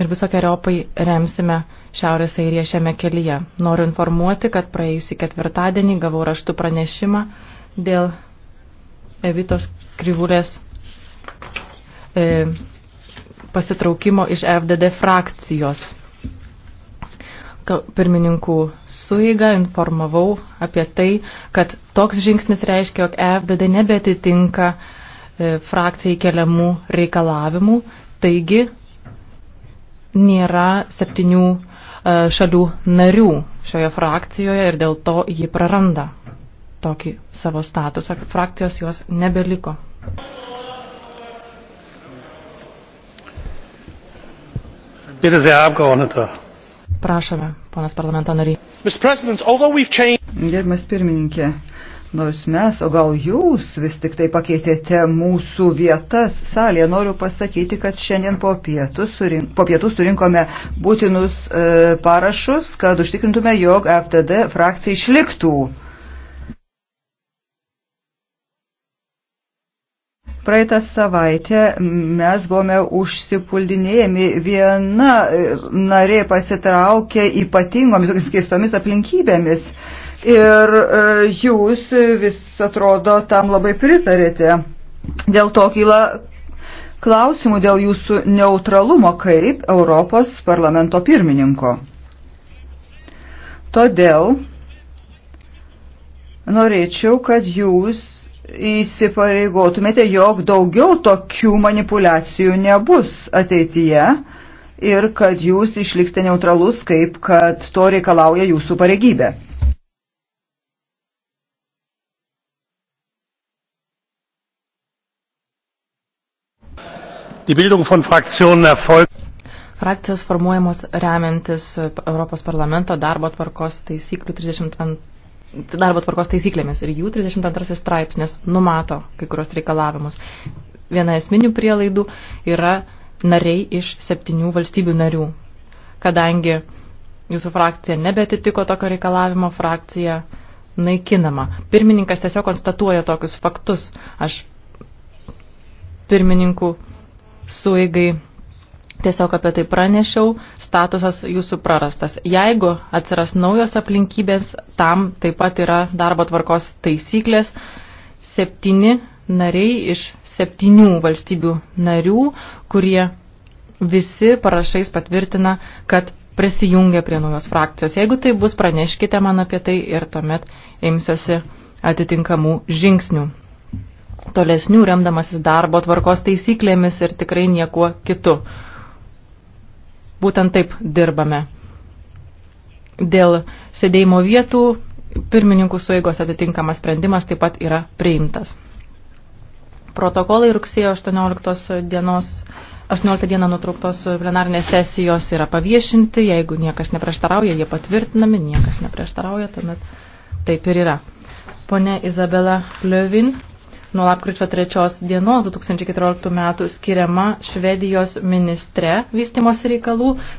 ir visokiojopai remsime Šiaurės Airiją šiame kelyje. Noriu informuoti, kad praėjusį ketvirtadienį gavau raštų pranešimą dėl Evitos Krivulės e, pasitraukimo iš FDD frakcijos. Pirmininkų suiga informavau apie tai, kad toks žingsnis reiškia, jog FDD nebetitinka e, frakcijai keliamų reikalavimų, taigi nėra septynių e, šalių narių šioje frakcijoje ir dėl to ji praranda tokį savo statusą. Frakcijos jos nebeliko. Prašome, ponas parlamento nariai. Gerbiamas pirmininkė, Nors mes, o gal jūs vis tik tai pakeitėte mūsų vietas salėje, noriu pasakyti, kad šiandien po pietų, surink, po pietų surinkome būtinus e, parašus, kad užtikrintume, jog FTD frakcija išliktų. Praeitą savaitę mes buvome užsipuldinėjami, viena e, narė pasitraukė ypatingomis, keistomis aplinkybėmis. E, ir e, jūs vis atrodo tam labai pritarėte. Dėl to kyla klausimų dėl jūsų neutralumo kaip Europos parlamento pirmininko. Todėl norėčiau, kad jūs įsipareigotumėte, jog daugiau tokių manipulacijų nebus ateityje ir kad jūs išliksite neutralus, kaip kad to reikalauja jūsų pareigybė. Die Bildung von Fraktionen erfolgt. Frakcijos formuojamos remiantis e, Europos parlamento darbo tvarkos taisyklių 32 darbo tvarkos taisyklėmis ir jų 32 straipsnis numato kai kurios reikalavimus. Viena esminių prielaidų yra nariai iš septynių valstybių narių. Kadangi jūsų frakcija nebetitiko tokio reikalavimo, frakcija naikinama. Pirmininkas tiesiog konstatuoja tokius faktus. Aš pirmininkų suigai tiesiog apie tai pranešiau, statusas jūsų prarastas. Jeigu atsiras naujos aplinkybės, tam taip pat yra darbo tvarkos taisyklės. Septyni nariai iš septynių valstybių narių, kurie visi parašais patvirtina, kad prisijungia prie naujos frakcijos. Jeigu tai bus, praneškite man apie tai ir tuomet imsiuosi atitinkamų žingsnių tolesnių remdamasis darbo tvarkos taisyklėmis ir tikrai niekuo kitu. Būtent taip dirbame. Dėl sėdėjimo vietų pirmininkų sueigos atitinkamas sprendimas taip pat yra priimtas. Protokolai rugsėjo 18 dienos 18 dieną nutrauktos plenarinės sesijos yra paviešinti, jeigu niekas neprieštarauja, jie patvirtinami, niekas neprieštarauja, tuomet taip ir yra. Pone Izabela Liovin nuo lapkričio 3 dienos 2014 metų skiriama Švedijos ministre vystimos reikalų